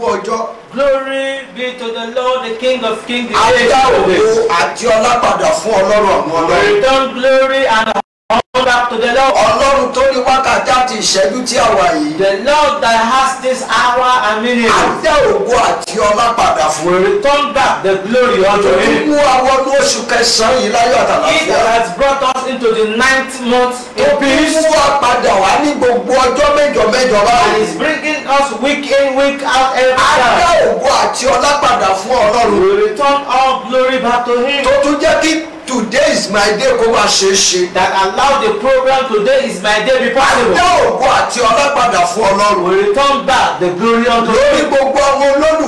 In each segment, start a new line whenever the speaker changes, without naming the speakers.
gbogbo ọjọ́. glory be to the lord the king of kings the king of kings. àti ògo àti ọlá padà fún ọlọ́run àwọn ọlọ́run. return glory and honour to the lord. ọlọ́run tó ní wákàtí àti ìṣẹ́jú tí a wà yìí. the lord that has this hour and minute. àti ògo àti ọlá padà fún. we return back the glory unto him. ìlú àwọn oṣù kẹsàn-án yìí láyọ̀ àtàlàfíà. he that has brought us To the ninth month. obìnrin sí wa padà wá ní gbogbo ọjọ́ mẹ́jọ mẹ́jọ báyìí. and he is bringing us week in week out every time. a dá àti ọlá fún ọlọ́run. we return all glory back to him. tó tún jẹ́ kí today is my day kó máa ṣe é ṣe. that allow the program today is my day be possible. a dá àti ọlá fún ọlọ́run. we return back the glory unto him. lórí gbogbo ọmọ olórí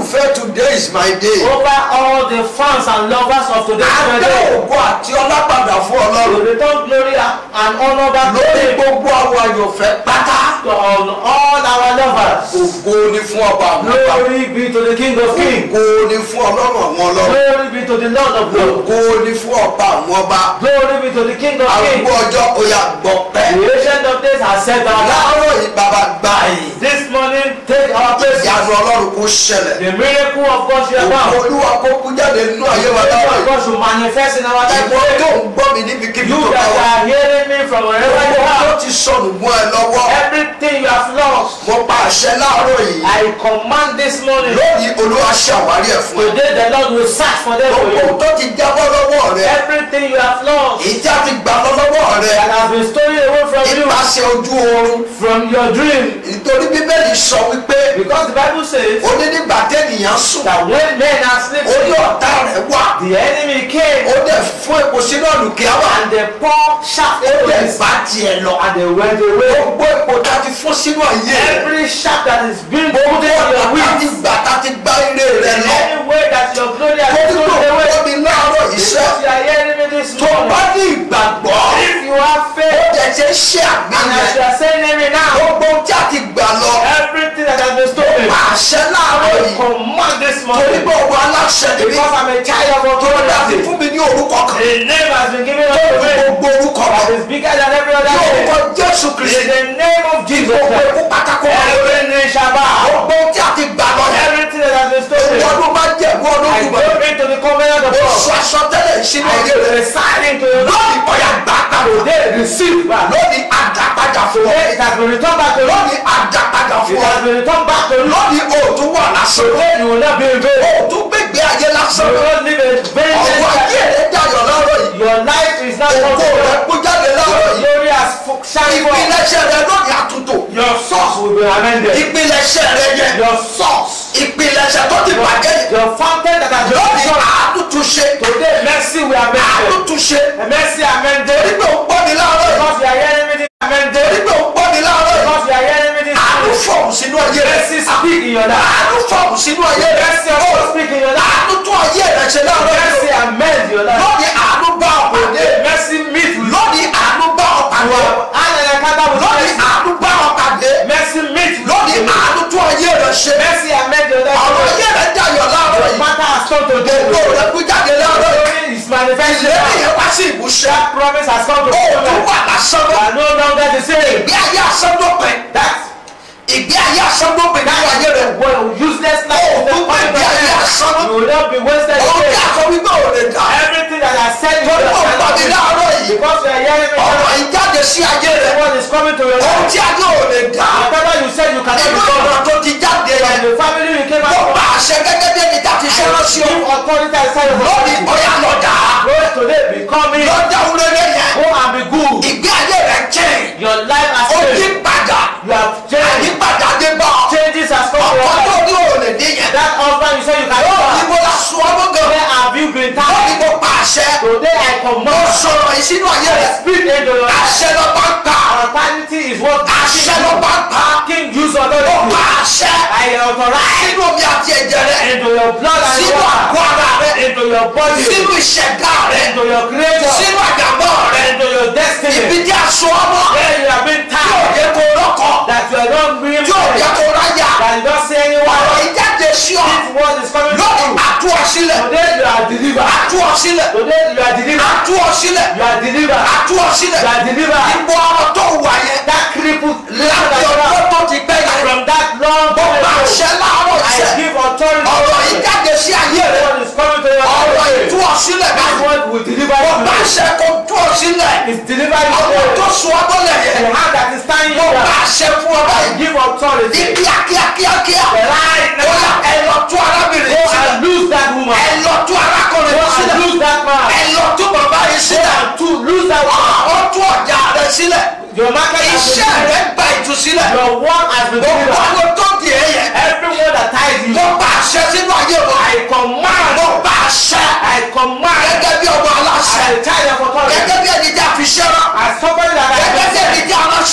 is my day. over all the fans and lovers of today. adé ògo àti ọlá padà fún ọlọ́run. to return glory and honour back to him. lórí gbogbo àwọn àyànfẹ́ pátá. to on all our lovers. ògo ni fún ọba àwọn ọba. glory be to the king of kings. ògo ni fún ọlọ́run àwọn ọlọ́run. glory be to the lord of lords. ògo ni fún ọba àwọn ọba. glory be to the king of kings. àwọn ọjọ́ oyà gbọ̀pẹ́. the ancient of days has said that. láàárọ̀ yìí gbà yìí. this morning take our place. ìyanu ọlọ́run kò ṣẹlẹ̀. the miracle of God. God ṣe ẹ̀fọ́ àwọn. olúwa kó kú jáde nínú ayé wa láwàá. olúwa God should manifest in our life. ìwọ tó ń gbọ́ mi níbi kíbi tó bá wa. you that are hearing me from wherever you are. owó ti sọnù mọ́ ẹ lọ́wọ́. everything you have lost. mo pa àṣẹ láàárọ̀ yìí. I command this morning. lónìí olúwa ṣàwárí ẹ̀ fún ẹ. today the Lord will search for them for you. gbogbo tó ti jábọ́ lọ́wọ́ rẹ. everything you have lost. ìjà ti gbà lọ́wọ́ rẹ. that has been stolen nípasẹ̀ ojú oorun. from your dream. nítorí bíbélì sọ wípé. because the bible says. ó ní nígbà tẹ́nìyàn sùn. that when men are sleeping. ó ní ọ̀tá rẹ̀ wá. the enemy came. ó dẹ̀ fún epo sínú ọ̀nùkẹ́ wa. and they pour shaft. ó dẹ̀ bá tiẹ̀ lọ. and they went away. ó gbọ́ epo tá a ti fún sínú ayé every shaft that is being put in your wheat. ó gbọ́ ọ̀tá ti gbà tá a ti gbá ire rẹ̀ lọ. any way that your glory has been taken away. kó tó kó mi láàárọ̀ iṣẹ́ tó bá ní ìgbàgbọ́ ó dẹ̀ ṣe ṣe àgbéyẹn gbogbo tí a ti gbà lọ pàṣẹ láàárọ̀ yìí torí bọ̀ wọ aláṣẹ níbi tó dá sí fún mi ní orúkọ kan tó gbogbo orúkọ kan ní orúkọ Jésù Kristi gbogbo ikú pátákó wà lórí gbogbo tí ọdún bá jẹ̀bú ọdún dùbà ó sọ aṣọ tẹ́lẹ̀ ìṣinú ayé rẹ̀ lónìí ọ̀yà gbàgbà lónìí àdàpadà fún ọ lónìí àdàpadà fún ọ lónìí òòtú wà lásán òòtú gbégbé ayé lásán ọwọ́ ayé rẹ̀ dayọ̀ lọ́rọ̀ yìí òkú rẹ̀ kú jáde lọ́rọ̀ yìí ìpilẹ̀ṣẹ̀ rẹ̀ lónìí àtúntò ìpilẹ̀ṣẹ̀ rẹ̀ yẹ ìpilẹ̀ṣẹ̀ tó ti bàjẹ́ yìí. your fountain that has been shut. lórí àtúntúnṣe. today mercy we amend. àtúntúnṣe. mercy amend. torí pé o gbọ́ mi láàárọ̀ yìí. because you are hearing me this amend. torí pé o gbọ́ mi láàárọ̀ yìí. because you are hearing me this amend. àánú fọ̀hún sínú ayé rẹ̀. mercy speak in your life. àánú fọ̀hún sínú ayé rẹ̀. mercy also oh, speak in your life. àánú tún ayé láàárọ̀ yìí. mercy amend your life. lórí àánú bá ọkùnrin. mercy meet with. lórí àánú bá ọkùnrin. ayé rẹ ṣe. mẹ́sì àmẹ́jọ lẹ́yìn. àwọn ayé rẹ dayọ̀ láàárọ̀ yìí. pátá stone to dé. ètò rẹ kú jáde láàárọ̀ yìí. ìlérí yẹn wá sí ìmúṣẹ. that promise has come to pass. òkú wà lásán ló. àná náà dá say, sè. ìgbé ayé asán ló pẹ́. ìgbé ayé asán ló pẹ́ nínú ayé rẹ. well useless na. òkú pẹ́ ìgbé ayé asán. you will not be wasted again. ọ̀gá àkọ́bí náà ò everything that I said you will not be wasted because you are hearing me. ọ̀rọ̀ ìjà sí ayé rẹ. what is coming to your life. ohun tí ayé ò lè dá. whatever you said you cannot recover. nínú ìlànà tó ti jáde yẹn. from the family you came out from. mo pa àṣẹ gẹ́gẹ́ bí ẹni tá ti ṣe ránṣẹ́ o. give authority and sign of authority. lórí ọ̀yà lọ dá. lórí today be coming. lọ́jà wúlò lé yẹn. go and be good. ìgbé ayé rẹ change. your life has changed. o yí padà. you have changed. àyípadà. àṣẹ. today I command. mo sọ̀rọ̀ ìṣínú ayé rẹ̀. I speak into your life. àṣẹ ló bá ń pa. authority is what king use. àṣẹ ló bá ń pa. king use authority. ó pa àṣẹ. I authorize. sínú omi àti ẹ̀jẹ̀ rẹ̀. into your blood and water. sínú àgọ́ ara rẹ̀. into your body. sínú ìṣẹ̀dá rẹ̀. into your creator. sínú àgàmọ́ rẹ̀. into your destiny. ibi tí a sọ ọmọ. where you have been tied. yóò yẹ kó rọ́kọ̀. that you are not being. yóò yẹ kó ráyà. that you don't see anyone. ọ̀rọ̀ ìjáde sí ọ. this word is called tú ọ today you are delivered. a tú today you are delivered. a tú you are delivered. a tú you are delivered. ìbò ọ̀rọ̀ tó wà yẹn. that cripple, life láti ọjọ́ tó ti pẹ́ yẹn. from that long time ago. mo bá ṣe láàárọ̀ iṣẹ́. I give authority. ọ̀rọ̀ yìí jáde sí ayé rẹ̀. ọ̀rọ̀ yìí tú ọ sílẹ̀ báyìí. mo bá ṣe kó t tú ọ sílẹ̀. is delivered in prayer. ọmọ tó sọ ọgbọ́n lẹ̀ the hand that is standing there. mo bá àṣẹ fún ọ báyìí. give authority. ní kíákíá kíákíá. right now. ó yà ẹ lọ tú arábìnrin oh, sílẹ̀. go and lose that woman. ẹ lọ tú arákùnrin oh, sílẹ̀. go and lose that man. ẹ lọ tú bàbá yìí oh, sílẹ̀. go and tú lose that woman. Ah, ó tú ọjà rẹ sílẹ̀. your market has been iṣẹ́ rẹ gba ìtúsílẹ̀. your work has been delivered. gbogbo àwọn tó di ẹ̀yẹ. everyone that ties you. mo bá àṣẹ sínú ayé wọn. I command. mo bá àṣẹ. I command. gẹ́gẹ́ bí ọmọ aláṣẹ. I tell you.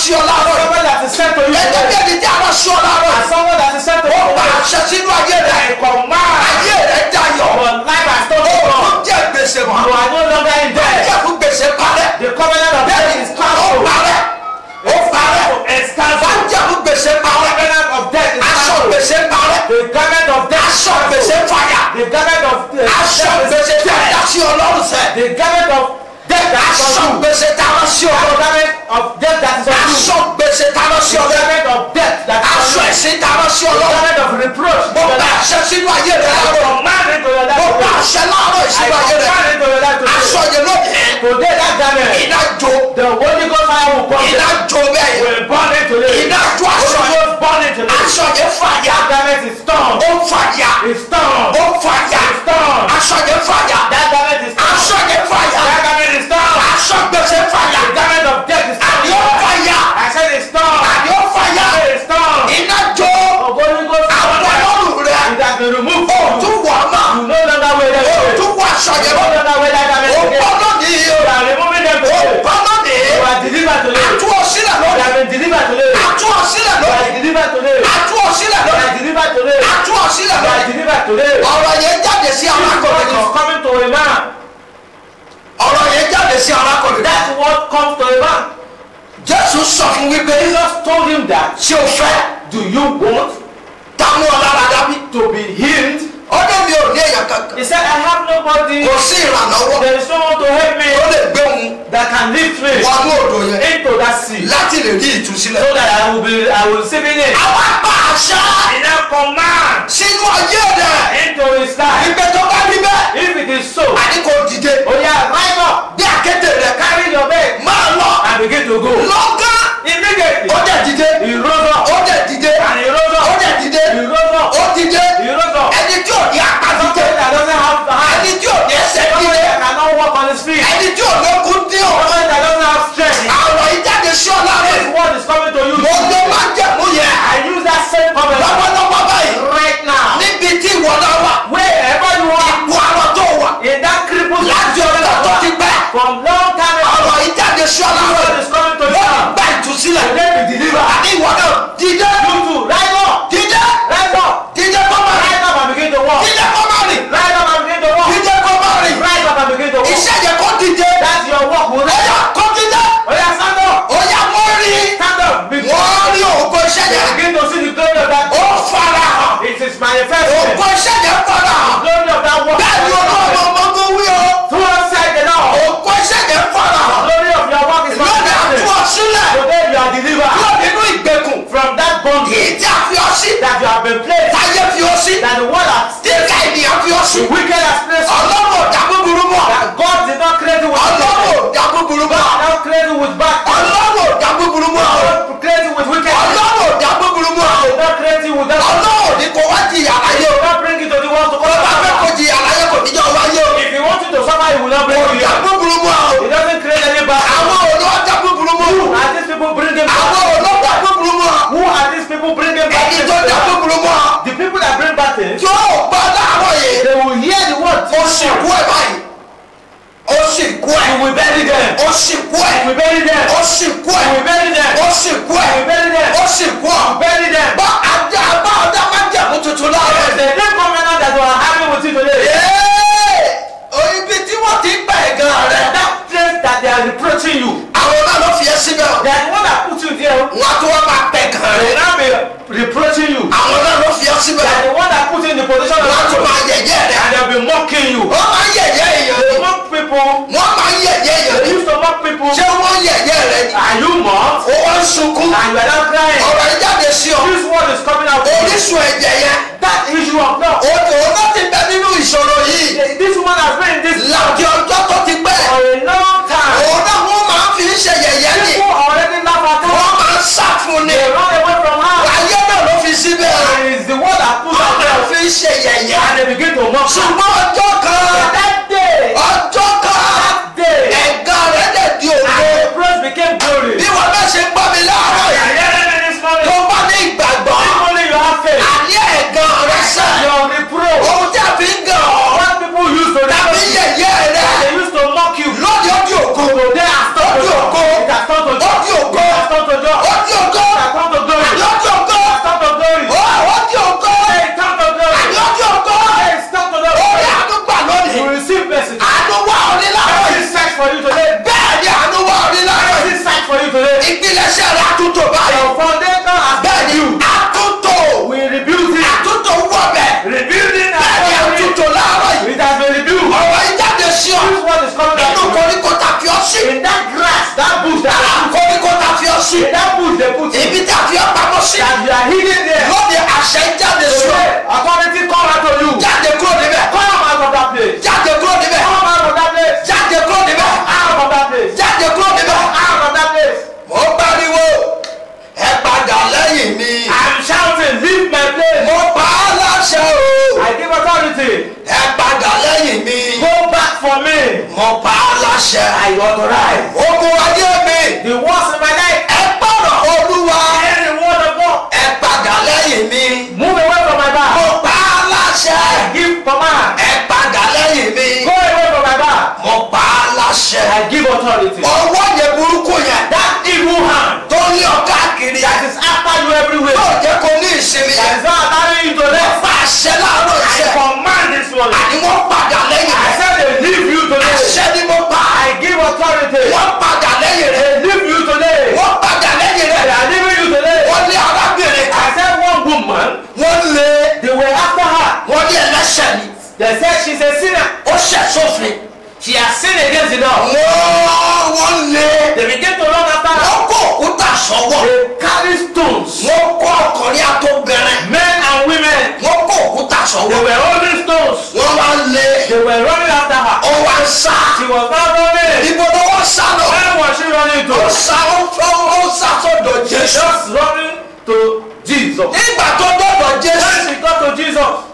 sí ọ yìí. somebody that is sent to you. ẹjẹ bí ẹni tí a máa yìí. someone that is sent to you. ó pa àṣẹ sínú ayé rẹ. I command. ayé rẹ dayọ̀. your life has turned to God. ó tún jẹ gbèsè mọ́. you are no longer in jẹ fún gbèsè parẹ́. the covenant of death is cancelled. ó parẹ́. ó parẹ́. it's cancelled. wọ́n jẹ fún gbèsè parẹ́. the covenant of death is cancelled. aṣọ gbèsè parẹ́. the covenant of uh, death is cancelled. aṣọ gbèsè fire. the covenant of death is cancelled. aṣọ gbèsè fire. aṣọ gbèsè fire. the covenant aṣọ gbèsè ta lọ sí ọlọ́run aṣọ gbèsè ta lọ sí ọlọ́run aṣọ ẹ̀sìn ta lọ sí ọlọ́run mo bá aṣẹ sínú ayé rẹ láàárọ̀ mo bá aṣẹ láàárọ̀ sínú ayé rẹ aṣọ yẹn ló dé eh, ìdájọ́ ìdájọ́ bẹ́ẹ̀ ìdájọ́ aṣọ yẹn eh, aṣọ yẹn fàyà ó fàyà ó fàyà aṣọ yẹn fàyà. The garment of death is sí arákùnrin. that's what comes to a man. Jésù sọ fún wípé. Jesus told him that. ṣé o fẹ́? do you want. táwọn ọlára dábí. to be healed. ó ní mi ò ní èèyàn kankan. he said I have nobody. kò sí ìrànlọ́wọ́. there is no one to help me. ó lè gbé òun. that can lift me. wà ní odò yẹn. into that sea. láti lè rí ìtúsílẹ̀. so that I will be I will see me. àwa pa àṣà. in a command. sínú ayé rẹ̀. into his life. ìgbẹ́ tó bá rí bẹ́ẹ̀. if it is so. àní kò dìde. ó yá right up begin to go. lọ́gán. immediately. ó jẹ́ he rose ìrà ní ìwọ náà jíjẹ wọ́n tó wọ́n máa pẹ̀ kàn they now be reproaching you. àwọn náà ló fi ọ síbẹ̀. they are the one that put in the position wọ́n tún máa yẹ̀yẹ́ rẹ̀. and they be mocking you. wọ́n máa yẹ̀yẹ́ èèyàn ni. mock people. wọ́n máa yẹ̀yẹ́ èèyàn they use to mock people. ṣé wọ́n yẹ̀yẹ́ rẹ̀ are you mock? ó wọ́n sunkún. and you are not crying. ọ̀rọ̀ ìjáde sí ọ. this word is coming out. orísun ẹ̀jẹ̀ yẹn. that issue of now. o tó o bá ti bẹ nínú ìṣòro yìí. this woman has been in this. láti ọjọ́ tó ti pẹ́. for a long time. òun náà wọ́n máa fi ń ṣe yẹ̀yẹ́ ni. people already fún ni. they run away from her. ayé náà ló fi síbẹ̀. and it's the one that put her there. wọ́n fi ṣe yẹ̀yẹ́. and they begin to mock her. ṣùgbọ́n ọjọ́ kan. that day. ọjọ́ kan. that day. ẹ̀gàn rẹ̀ dẹ̀ di òde. and the praise became glory. bí wọn bá ṣe gbọ́. Our foundation has been you. Àtúntò. We rebuild it. Àtúntò wọ̀ bẹ̀. Rebuilding our family. Bẹ́ẹ̀ni àtúntò láàárọ̀ yìí. It has been rebuilt. Ọ̀rọ̀ yìí jáde sí ọ. This one is coming out. Inú koríko ta fi ọ sí. In that grass, that bush, that bush. Àrà koríko ta fi ọ sí. In that bush, they put you. Ibi ta fi ọ pamọ́ sí. That you are hidden mercy. ẹ padà lẹ́yìn mi. go back for me. mo pa á láṣẹ. I authorize. ogun ayé mi. the worst in my life. ẹ gbọ́dọ̀ olúwa. ẹni wọ́n lọ bọ̀. ẹ padà lẹ́yìn mi. move away from my back. mo pa á láṣẹ. give command. ẹ padà lẹ́yìn mi. go away from my back. mo pa á láṣẹ. I give authority. ọwọ́ yẹn burúkú yẹn. that evil hand. tó ní ọ̀gá kiri. that is after you everywhere. yóò jẹ́ kó ní ìsinmi yẹn. that is why I marry you to them. wọ́n láàárọ̀ iṣẹ́. I come morning. àní wọ́n padà lẹ́yìn rẹ̀. I said they leave you today. àṣẹ ni mo pa. I give authority. wọ́n padà lẹ́yìn rẹ̀. they leave you today. wọ́n padà lẹ́yìn rẹ̀. they are leaving you today. wọ́n lé arábìnrin kan. I said one woman. wọ́n lé. they were after her. wọ́n lé ẹlẹ́ṣẹ̀ ni. they said she is a sinner. ó ṣẹ̀ sófin. she has sinned against the law. wọ́n wọ́n lé. they began to run after her. wọ́n kó òkúta sọ́wọ́. they carry stones. wọ́n kó ọkùnrin àtọ́gbẹ̀rẹ̀ sọ́wọ́. they were holding stones. wọ́n wá lé. they were running after her. ó wá sá. she was now running. ibo wọ́n sá lọ. where was she running to. ó sá ó ó sá sọ́dọ̀ Jésù. she was running to Jesus. nígbà tó dọ̀dọ̀ Jésù. when she got to Jesus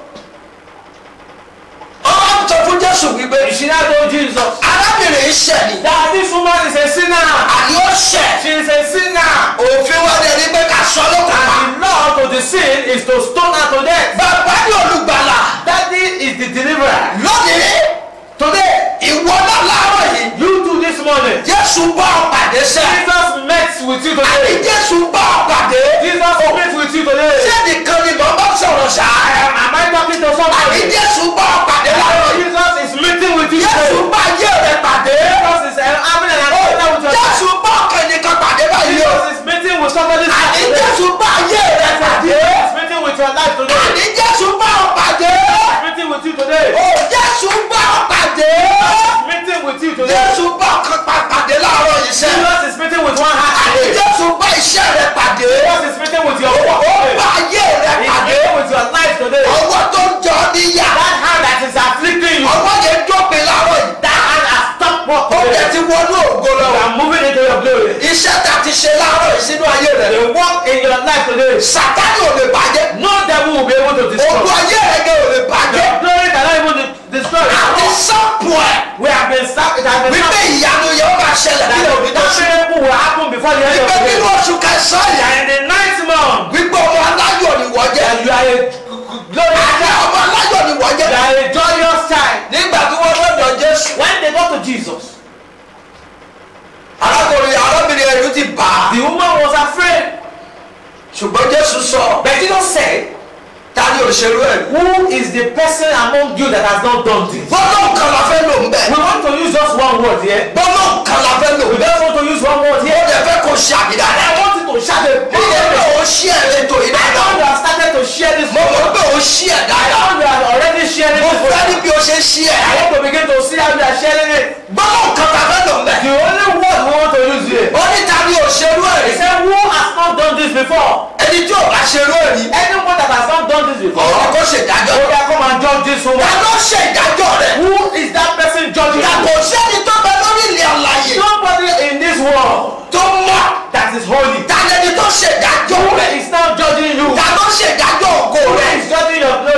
ọwọ́ ń sọ fún jésù wípé. she now told jesus. arábìnrin yìí ṣẹ̀ ni. that this woman is a sinner. àní ó ṣẹ̀. she is a sinner. òfin wọn dẹ̀ ní pé ká sọ ló kọ́ pa. and the law to the sin is to stone her to death. bàbá ní olùgbàlà. daddy is the deliverer. lónìí today ìwọ náà láàárọ̀ yìí. you do this morning. jésù bá ọ pàdé sẹ́. jesus met with you today. àní jésù bá ọ pàdé. jesus met with you today. ṣé ni Jesus is meeting with you. Jésù bá ayé rẹ pàdé. Jesus is eh, having an encounter oh, with you life. Jésù bá ọkàn nìkan Jesus is meeting with somebody. àní Jésù bá ayé rẹ pàdé. Jesus is meeting with your life today. àní Jésù bá ọ Jesus is meeting with you today. o oh, Jésù bá ọ Jesus is meeting with you today. Jésù bá ọkàn pàdé láàárọ̀ yìí Jesus is meeting with one heart tún bá iṣẹ́ rẹ pàdé. ó bá ayé rẹ pàdé. ọwọ́ tó ń jọ níyà. ọwọ́ yẹn dópin láàárọ̀ yìí. ó yẹ ti wọnú ògo lọ. iṣẹ́ ta ti ṣe láàárọ̀ yìí sínú ayé rẹ. sàtánì ò lè bàjẹ́. olú ayé rẹ gẹ́ ò lè bàjẹ́ even the, the story. At some point, we have been stopped. It has been stopped. Wípé ìyanu yóò máa ṣẹlẹ̀ nínú That miracle will happen before the end of the day. Wípé nínú oṣù kẹsàn-án yẹn. And the ninth month. We go to another one. jẹ́. And you are a glory. Àti ọmọ aláyọ̀ You are a joyous When they go to Jesus. The woman was afraid. Ṣùgbọ́n Jésù sọ. But Jesus said ta ni òṣèlú ẹ̀. who is the person among you that has not done this. bọ́lá nǹkan fẹ́ lò ń bẹ̀. we want to use just one word here. bọ́lá nǹkan fẹ́ lò. we just want to use one word here. ó lè fẹ́ kó ṣàbídà rẹ̀. I want you to ṣàbẹ̀. mo mọ̀ pé o ṣí ẹ̀ ètò yìí dáadáa. I know you have started to share this. mo mọ̀ pé o ṣí ẹ̀ dáadáa. I know you are already shared it. mo fẹ́ ní bí o ṣe ṣí ẹ̀. I want to begin to see how you are sharing it. bọ́lá nǹkan fẹ́ lò ń bẹ̀. the only word we want to use here. ó ní ta ni òṣèlú ẹ̀. he said who has not done this before ẹni tí ò bá ṣe lórí. anyone that has not done this before. ọ̀rọ̀ kò ṣe ìdájọ́. ó yẹ kó máa judge this woman. ló ṣe ìdájọ́ rẹ̀. who is that person judging you. kò sẹ́ni tó bẹ lórí ilẹ̀ ọ̀làyè. nobody in this world. tó mọ̀. that is holy. ta lẹni tó ṣe ìdájọ́ who is now judging you. ta ló ṣe ìdájọ́ ògo rẹ̀. who is judging your glory.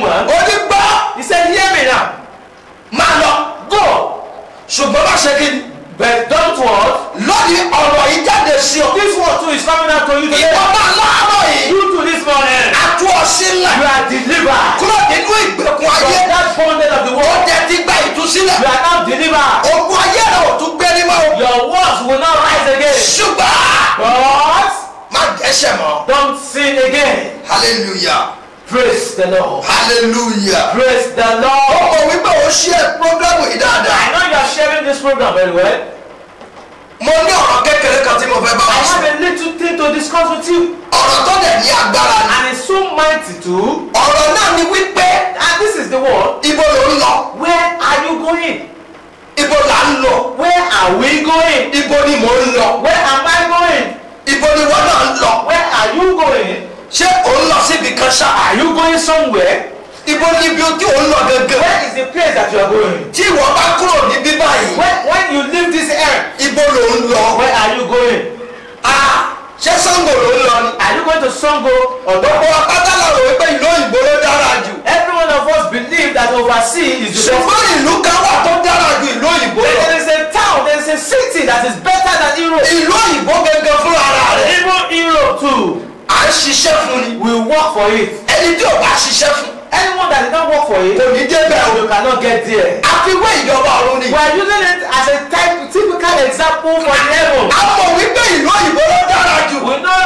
mọ̀ ọ́. ó ní gbọ́ iṣẹ́ ní èmi náà máa lọ go ṣùgbọ́n má ṣe kí ni. but don't worry. lónìí ọ̀rọ̀ yìí jáde sí ọ. this one too is coming out to you today. ìwọ máa láàárọ̀ yìí. you too this morning. a tú ọ you are delivered. kúrò nínú ìgbèkùn ayé. from that bondage of the world. ó jẹ́ ti gba ìtúsílẹ̀. you are now delivered. ogun ayé rẹ̀ ò tún gbé ní your words will not rise again. ṣùgbọ́n. but. má dẹ́ṣẹ̀ mọ́. don't sin again. hallelujah praise the lord. hallelujah. praise the lord. ó mọ̀ wípé o share program yìí dáadáa. i know you are sharing this program very well. mo ní ọ̀rọ̀ kékeré kan tí mo fẹ́ bá wa sọ. i have a little thing to discuss with you. ọ̀rọ̀ tó dẹ̀ ní agbára ni. and it's so mighty too. ọ̀rọ̀ náà ni wípé. and this is the word. ibo ló ń lọ. where are you going? ibo là ń lọ. where are we going? ibo ni mò ń lọ. where am I going? ibo ni wọ́n náà ń lọ. where are you going? ṣé ò ń lọ síbi kan ṣá. are you going somewhere. ibo níbi tí ò ń lọ gẹ́gẹ́. where is the place that you are going. tí ìwọ bá kúrò níbí báyìí. when when you leave this earth. ibo ló ń lọ. where are you going. ah ṣé Ṣàngó ló ń lọ ni. are you going to Ṣàngó. ọ̀dọ́ gbogbo apáta làwọn wípé ìlú òyìnbó ló dára jù. every one of us believe that overseas is the best. ṣùgbọ́n ìlú kan wà tó dára ju ìlú òyìnbó lọ. there is a town there is a city that is better than Europe. ìlú òyìnbó gẹ́gẹ́ ṣiṣẹ́ fún ni. will work for it. ẹni tí ò bá ṣiṣẹ́ fún. anyone that did not work for it. kò dé bẹ́ẹ̀ o. you cannot get there. àfiwé ìjọba ọ̀run ni. we are using it as a type typical example for the level. a mọ̀ wípé ìlú òyìnbó ló dára jù. we know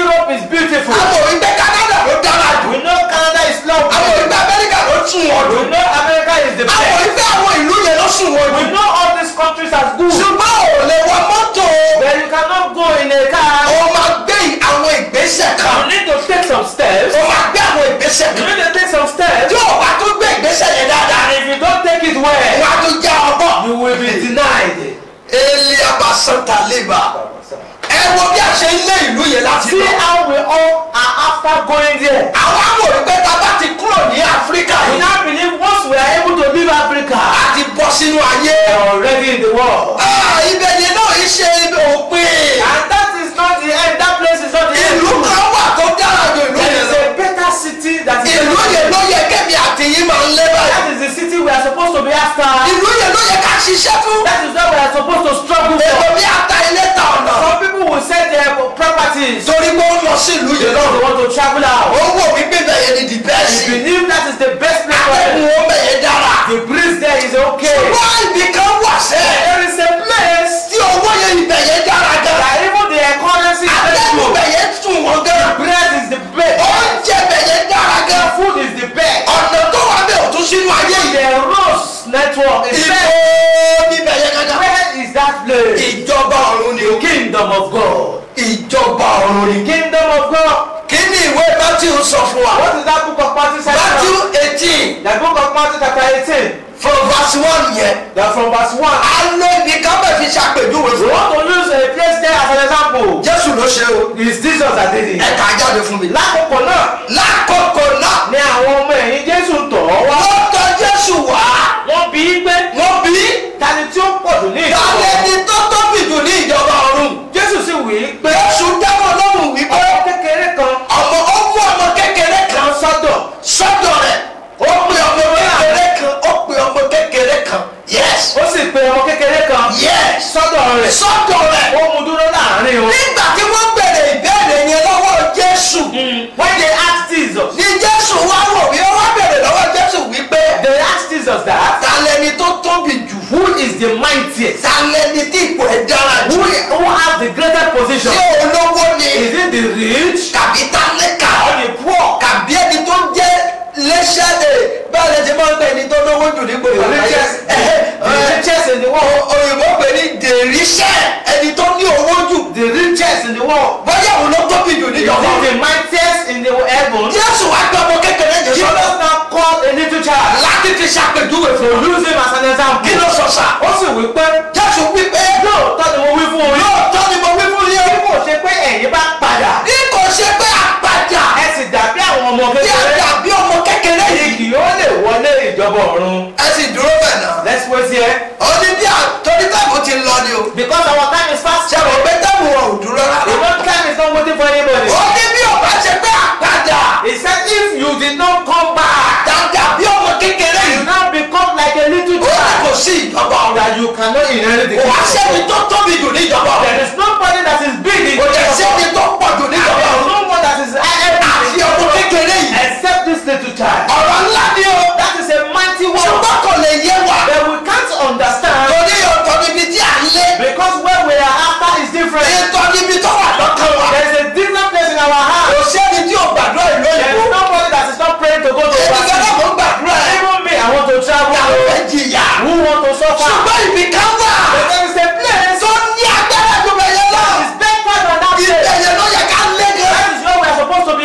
Europe is beautiful. a mọ̀ wípé Canada ló dára jù. we know Canada is love. a mọ̀ wípé America ló sùn wọn jù. we know America is the best. a mọ̀ wípé àwọn ìlú yẹn ló sùn wọn jù. we know all these countries as good. ṣùgbọ́n ò lè mọ́tò. then you cannot go in a you need to take some steps. o máa gbé àwọn ìgbésẹ̀ kan. you need to take some steps. tí o bá tó gbé ìgbésẹ̀ yẹn dáadáa. and if you don't take it well. wà á tún já ọgbọ́n. you will be denied. elia basanta leba. ẹ wo bí a ṣe ń lé ìlú yẹn láti lọ. see how we all are after going there. àwọn àwọn òrùpẹ́ ta bá ti kúrò
ní áfíríkà yìí. we now
believe once we are able to leave Africa. a ti bọ́ sínú ayé. already in the world. Ah, ibẹ̀ ni náà ṣe òpin. máa that is the city we are supposed to be after. ìlú yẹn ló yẹ ká ṣiṣẹ́ fún. that is where we are supposed to struggle for. èrò bí ata ilé ta ọ̀nà. some people will sell their properties. torí pé ó lọ sí ìlú yẹn náà. they want to travel out. ó wò wípé bẹ̀yẹ ni the best. he believe that is the best place for them. atẹ́gùn ó bẹ̀yẹ dára. the breeze there is okay. ṣùgbọ́n ibìkan. sínú ayé yìí. the rose network is fair. ìfọ́ níbẹ̀ yẹn kankan. where is that place. ìjọba ọ̀run ni o. kingdom of God. ìjọba ọ̀run ni. kingdom of God kí ni ìwé matthew sọ fún wa. what is that book of matthew say. matthew eighteen. the book of matthew chapter eighteen. from verse one yẹn. Yeah. na from verse one. alẹ́ ní kábẹ̀ fi ṣàpèjúwe fún wa. we want to use a place there as an example. jésù ló ṣe o. is jesus that did it. ẹ kà á jáde fún mi. lákòókò náà. lákòókò náà. ni àwọn ọmọ ẹ̀yìn jésù tọ̀ ọ́ wá oṣù wá. wọ́n bí í pé. wọ́n bí í. tani tí ó pọ̀ jù ní ìjọba ọ̀run. tani tó tóbi jù ní ìjọba ọ̀run. jésù sì wí pé. jésù dábọ̀ lọ́rùn wí pé. ọmọ kékeré kan. ọmọ ó mú ọmọ kékeré kan sọ́dọ̀. sọ́dọ̀ rẹ̀ ó pe ọmọ kékeré kan ó pe ọmọ kékeré kan. yes. ó sì pe ọmọ kékeré kan. yes. sọ́dọ̀ rẹ̀. sọ́dọ̀ rẹ̀. ó mú dúró láàrin wọn. nígbà tí wọ́n gbé díẹ̀. sálẹ̀ tí ipò ẹ̀ dára jù. who who has the greater position. ṣé olówó ni. is it the rich. kàbí tálákà. or the poor. kàbí ẹni tó ń jẹ́ lẹ́ṣẹ̀ lè báyìí ti máa ń pè ní tó lówó jù ní gbogbo àgbáyé. the richest in the world. òyìnbó pè ní the richest ẹni tó ní owó jù. the richest in the world. bóyá òun ló tóbi jù níjọba. is the mightiest in the heaven. jésù wá gbọ́ ọmọ kékeré jẹ́ sọ́dọ̀. Jesus now Call a little child. láti fi ṣàpèjúwe fún un. using as an example. kí ló sọ sá. ó sì wí pé. in anything. kò wá sẹ́ni tó tóbi jù níjọba. there is nobody that is big in God. kò sẹ́ni tó pọ̀ jù níjọba. there is no one that is ever. Uh, àti ọmọ kékeré yìí. except this little child. ọ̀rọ̀ ńlá ni o. that is a mighty word. ṣùgbọ́n kò lè yé wa. but we can't understand. torí ọ̀tọ̀ níbi tí à ń lé. because where we are after is different. ètò níbi tó wà lọ́kàn wa. there is a different place in our heart. kò sẹ́ni tí ò gbàdúrà ìlú òyìnbó. there is nobody that is not praying to go to overseas. èmi gbọ́dọ̀ gbàdúrà. even me I want to travel. kàwé jìyà. who want to suffer. ṣùgbọ́n ìbí ká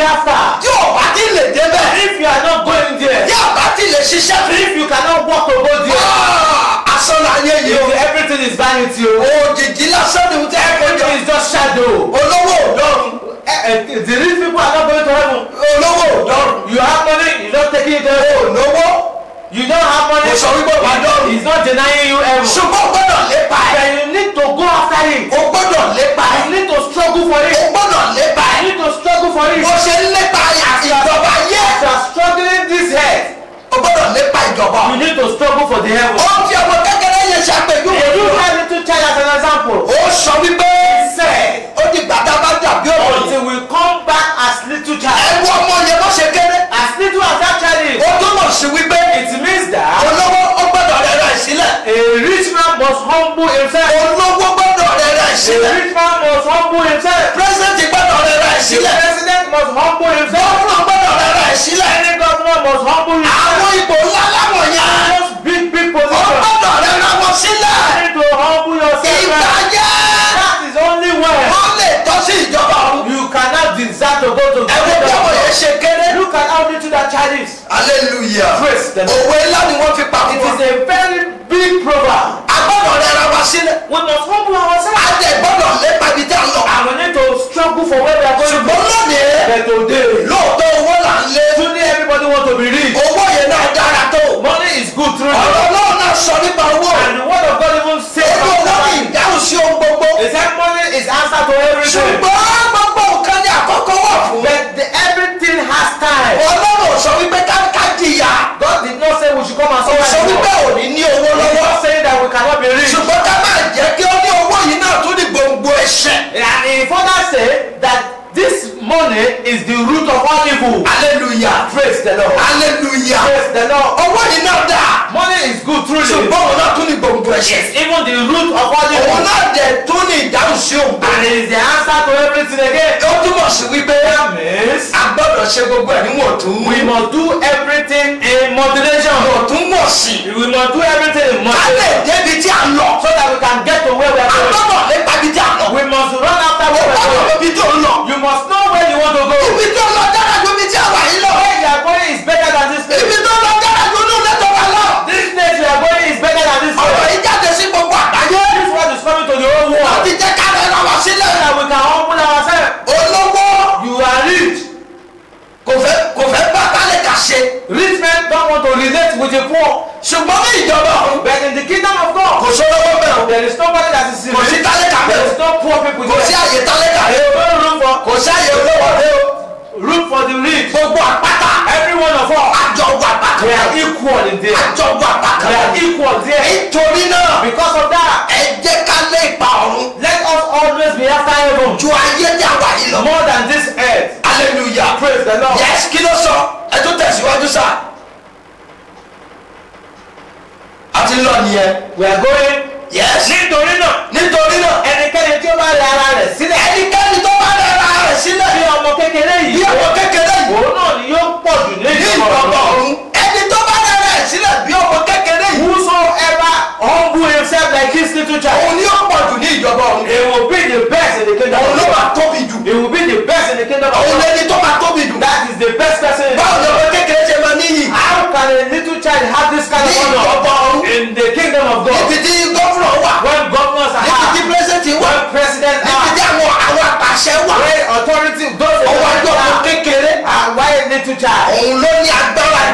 after. yóò bá ti lè débẹ̀. if you are not going there. yóò bá ti lè if you cannot walk over there. Ah, asán la yé yìí everything is vanity o. òjijì lásán ni o tẹ́ ẹ kọjọ. everything is just shadow. olóòtú. somebody. kò sọ wípé wà á dọ́rùn. he is not denying you ever. ṣùgbọ́n o gbọ́dọ̀ lépa ẹ̀. but you need to go after him. o gbọ́dọ̀ lépa ẹ̀. you need to struggle for it. o gbọ́dọ̀ lépa ẹ̀. you need to struggle for it. bó ṣe ń lépa ìjọba yẹ. as you are struggling this head. o gbọ́dọ̀ lépa ìjọba. you need to struggle for the heaven. ó fi ọmọ kékeré yẹn ṣàpèjú. a new heaven to child as an example. ó sọ wípé. ó di gbàtà bá dàbí òkè. until we come back as little child. ẹ wọ ọmọ yẹn bó ṣe kéré. Paul ṣe wípé. it means that. olówó ó gbọ́dọ̀ rẹ̀ sílẹ̀. a rich man must humble himself. olówó gbọ́dọ̀ rẹ̀ sílẹ̀. a rich man must humble himself. president gbọ́dọ̀ rẹ̀ rẹ̀ sílẹ̀. the president must humble himself. governor gbọ́dọ̀ rẹ̀ sílẹ̀. any government must humble himself. àwọn ipò ńlá this. hallelujah. praise the Lord. òwe ńlá ni wọ́n fi pa fún wa. it is a very big proverb. a gbọ́dọ̀ wa sílẹ̀. we must humble ourselves. a jẹ gbọ́dọ̀ lépa ibi tí a lọ. and we need to struggle for where they are going. ṣùgbọ́n lónìí. but today. lóòótọ́ owó là ń lé. today everybody want to be rich. owó yẹn náà dára tó. money is good through. ọ̀rọ̀ náà sọ nípa owó. and the word of God even say. that this money is the root of all evil. hallelujah praise the lord. hallelujah praise the lord. owó yìí náà dà. money is good truly. ṣùgbọ́n òun náà tún ní gbòǹgbò ẹ̀ṣẹ̀. it's even the root of all evil. òun náà dẹ̀ tún ní ìdáhùn sí and it is the answer to everything again. ó túmọ̀ sí wípé. yes. a gbọ́dọ̀ ṣe gbogbo ẹ̀ níwọ̀n tún. we must do everything in moderation. wọ́n tún mọ̀ sí. we must do everything in moderation. ká lè débi tí a lọ. so that we can get to where we are going. a gbọ́dọ̀ lépa bí tí a lọ. we must run wọ ọdún lóbi tó lọ. you must know where you want to go. ibi tó ń lọ dára ju ibi tí a wà yìí lọ. where you are going is better than this place. ibi tó ń lọ dára ju inú ilé tó wà lọ. this place you are going is better than this place. ọ̀rọ̀ yìí jáde sí gbogbo àgbáyé. this word is coming to the whole world. wọ́n jẹ́ ká rẹ̀ ra wa sílẹ̀. so that we can humble ourselves. olówó. you are rich. kò fẹ́ kò fẹ́ bá kálẹ̀ kà ṣe rich men don't want to relate with the poor. ṣùgbọ́n ní ìjọba ọ̀run. but in the kingdom of God. kò sọ́dọ́wọ́ bẹ́ẹ̀ o. there is nobody that is rich. kò sí tálẹ́kà bẹ́ẹ̀. there is no poor people there. kò sí àyè tálẹ́kà bẹ́ẹ̀. there is no room for.
kò sí àyè olówó
bẹ́ẹ̀ o. room for the rich. gbogbo àpáta. every one of us. àjọwò àpáta. we are equal in there. àjọwò àpáta. we are equal there. nítorí náà. because of that. ẹ jẹ́ ká lé ipa ọ̀run. let us always be after heaven. ju ayé tí a yìí lọ. more than this earth. hallelujah. praise the lord. yes kí ló sọ tẹ̀síwájú sá a ti lọ nìyẹn. we are going. yes. nítorí náà. nítorí náà. ẹnikẹ́ni tí ó bá rẹ ara rẹ̀ sílẹ̀. ẹnikẹ́ni tó bá rẹ ara rẹ̀ sílẹ̀. bí ọmọ kékeré yìí. bí ọmọ kékeré yìí. òun náà ni yóò pọ̀ jù ní ìjọba ọ̀run. ẹni tó bá rẹ ara rẹ̀ sílẹ̀ bí ọmọ kékeré yìí. whosoever humble himself like his little child. òun ni yóò pọ̀ will be the best in the kingdom. òun ló máa will be the best in the kingdom. òun lẹni that is the best person can have this kind of honor in the kingdom of God. Ètìtì gọ́fúnà wà. When governors are hard. Ètìtì pírẹsidẹ̀ntì wà. When president are. Ètìtì àwọn àwọn àpàṣẹ wà. When authority those. Ọwọ́ àjọ kò kékeré. Àwa ẹni tuja. Òun ló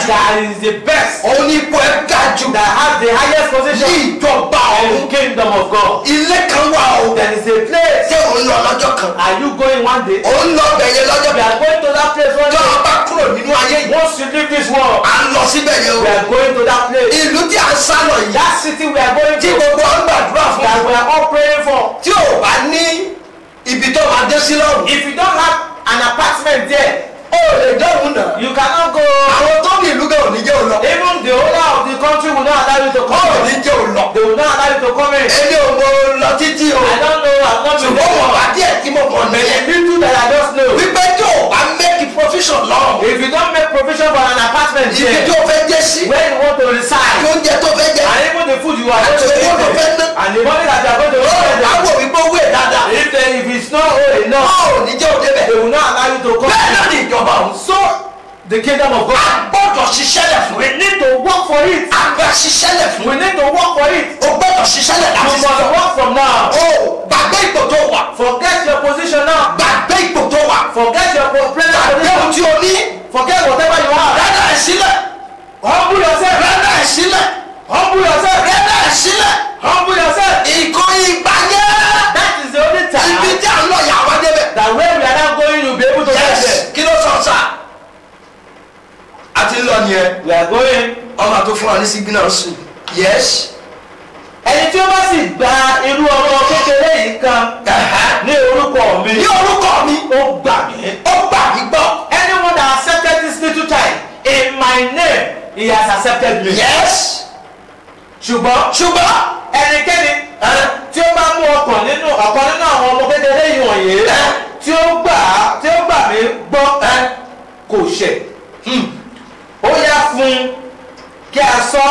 that is the best. Only ni ipò ẹ̀ that has the highest position. ní ìjọba ọ̀hún. in the kingdom of God. ilé kan wà o. there is a place. ṣé òun lọ lọ́jọ́ kan. are you going one day. òun lọ bẹ̀yẹ lọ́jọ́ kan. we are going to that place one day. tọ́ ọba kúrò nínú ayé yìí. once you leave this world. à ń lọ síbẹ̀ yẹn o. we are going to that place. ìlú tí a sá lọ yìí. that city we are going to. tí gbogbo ọ̀n gbàdúrà fún. that we are all praying for. tí ò bá ní ibi tó máa dé sí lọ́rùn. if you don't have an apartment there o lè dẹ́hùn náà. you cannot go. àwọn tó ní ìlú gan-an ò ní jẹ́ òun lọ. even the owner of the country will not allow you to come. ọ̀ ní jẹ́ òun lọ. they will not allow you to come in. èmi ò mọ lọ títí o. I don't know I'm not sure. ṣùgbọ́n mo bá díẹ̀ tí mo mọ̀ ní. the little that I just know. wípé tí o bá make provision lọ. if you don't make provision for an apartment here. ibi tí o fẹ́ jẹ́ sí. where you want to reside. oúnjẹ tó fẹ́ jẹ. and even the food you are going to eat. àti owó tó fẹ́ ná. and the money that you are going to oh, spend. àwọn òbí gbówó ẹ̀ dáadáa. if there if it's not enough. Oh, the kingdom of God. a gbọ́dọ̀ ṣiṣẹ́lẹ̀ fún. we need to work for it. a gbọ́dọ̀ ṣiṣẹ́lẹ̀ fún. we need to work for it. o gbọ́dọ̀ ṣiṣẹ́lẹ̀ láti sọ. you must work from now. Oh, gbàgbé ipò tó wà. forget your position now. gbàgbé ipò tó wà. forget your present position. gbàgbé ohun tí o ní. forget whatever you are. rẹ́dà ẹ̀ sílẹ̀. humble yourself. rẹ́dà ẹ̀ sílẹ̀. humble yourself. rẹ́dà ẹ̀ sílẹ̀. humble yourself. ìkọ́ ìgbà ti ń lọ nìyẹn. yàgòyè. ọmọ tó fún wa ní signal sùn. yes. ẹni tí ó bá sì gba irú ọmọ kékeré yìí kan. ní orúkọ mi. ní orúkọ mi. ó gbà mí. ó gbà mí gbọ́. anyone that accepted this little child in my name he has accepted me. yes. ṣùgbọ́n. ṣùgbọ́n. ẹnikẹ́ni tí ó bá mú ọkàn nínú ọ̀kan nínú àwọn ọmọ kékeré yìí wọ̀nyí tí ó gbà tí ó gbà mí gbọ́ kò ṣẹ̀ ó yá fún kí a sọ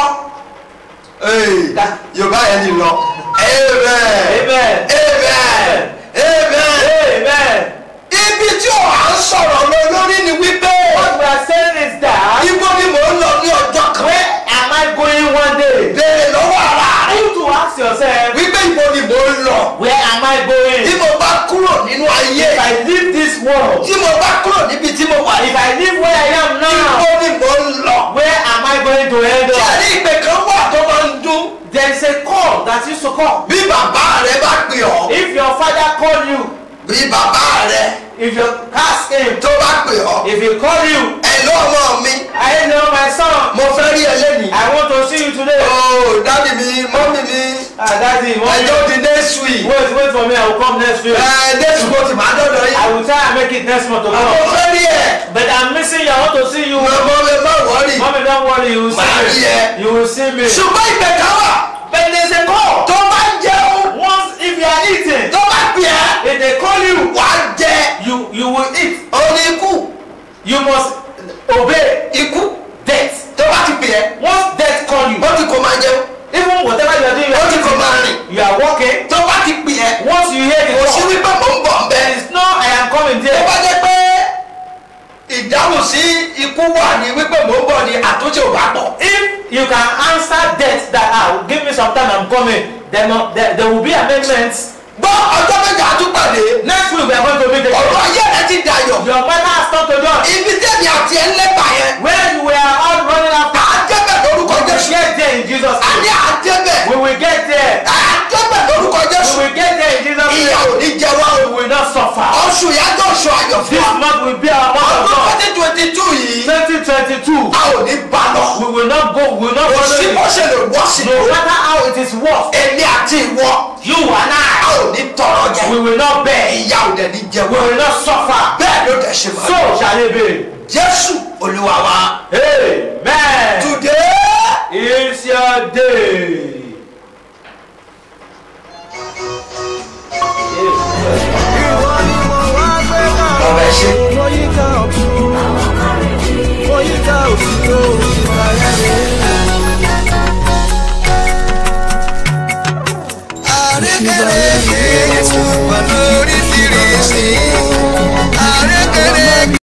yorùbá yẹn ni lọ amen amen amen amen ibi tí ò à ń sọ̀rọ̀ lọ lórí ni wípé. what we are saying is that. ibo ni mò ń lọ ní ọjọ́ kan. where am I going one day. béèrè lọ́wọ́ ara rẹ̀. you to ask yourself. wípé ibo ni mò ń lọ. where am I going. ibo ayé. if I leave this world. tí mo bá kúrò níbi tí mo wà. if I leave where I am now. ibo ni mo ń lọ. where am I going to end up. jẹ́rìí ìpè kan wà tó máa ń dún. there is a call that you so call. bí bàbá rẹ bá pè ọ́. if your father call you. bí bàbá rẹ. if you ask him. tó bá pè ọ́. if he call you. ẹ lọ́ mi. I know my son. mo fẹ́ rí ẹ lẹ́nu. I want to see you today. oh, dadi ah, mo. I don't the next week. wait wait for me I will come next week. Uh, next month ma don don I will try and make it next month. I'm go very here. but I'm missing you I want to see you. my mom dey worry. Mommy, don't worry you will see me. you will see me. buy ìgbẹ̀ka wà. but there is a call. tó bá ń once if you are eating. Don't bá pè if they call you. one day. you you will eat. orin ikú. you must obey. ikú. death. Don't bá ti pè once death call you. What ti kò máa jẹun even whatever you are doing. ó ti kọ́ you are working. tó bá ti pì ẹ́. once you hear the call. kò sí wípé mo ń bọ̀ ń bẹ̀. there is no I am coming there. tó bá jẹ́ pé ìdáhùn sí ikú wà ní wípé mo ń bọ̀ ni àtúnṣe ò bá pọ̀. if you can answer death that ah give me some time I'm coming then uh, there, there will be amendments. gbọ́ ọjọ́ méjì àtúpàdé. next week we are going to meet again. ọ̀rọ̀ ayé rẹ ti dayọ̀. your mother has come to God. ibi tẹ́mi àti ẹ̀ ń lẹ́gbàá yẹn. where you were all right. two. a ò ní bá lọ. we will not go we will not follow you. òsínbó ṣe lè wọ́ sí. no matter how it is worth. èmi àti ìwọ. you and I. a ò ní tọrọ jẹ. we will not bear. ìyà ò dẹ̀ ní jẹ. we will not suffer. bẹ́ẹ̀ ló dẹ̀ ṣe máa. so shall it be. jésù olúwa wa. amen. today is your day. Yeah. ọ̀rẹ́ ṣe ẹjọ́ òfin òfin ọ̀rẹ́ rẹ̀. Àrékèrè yìí tún.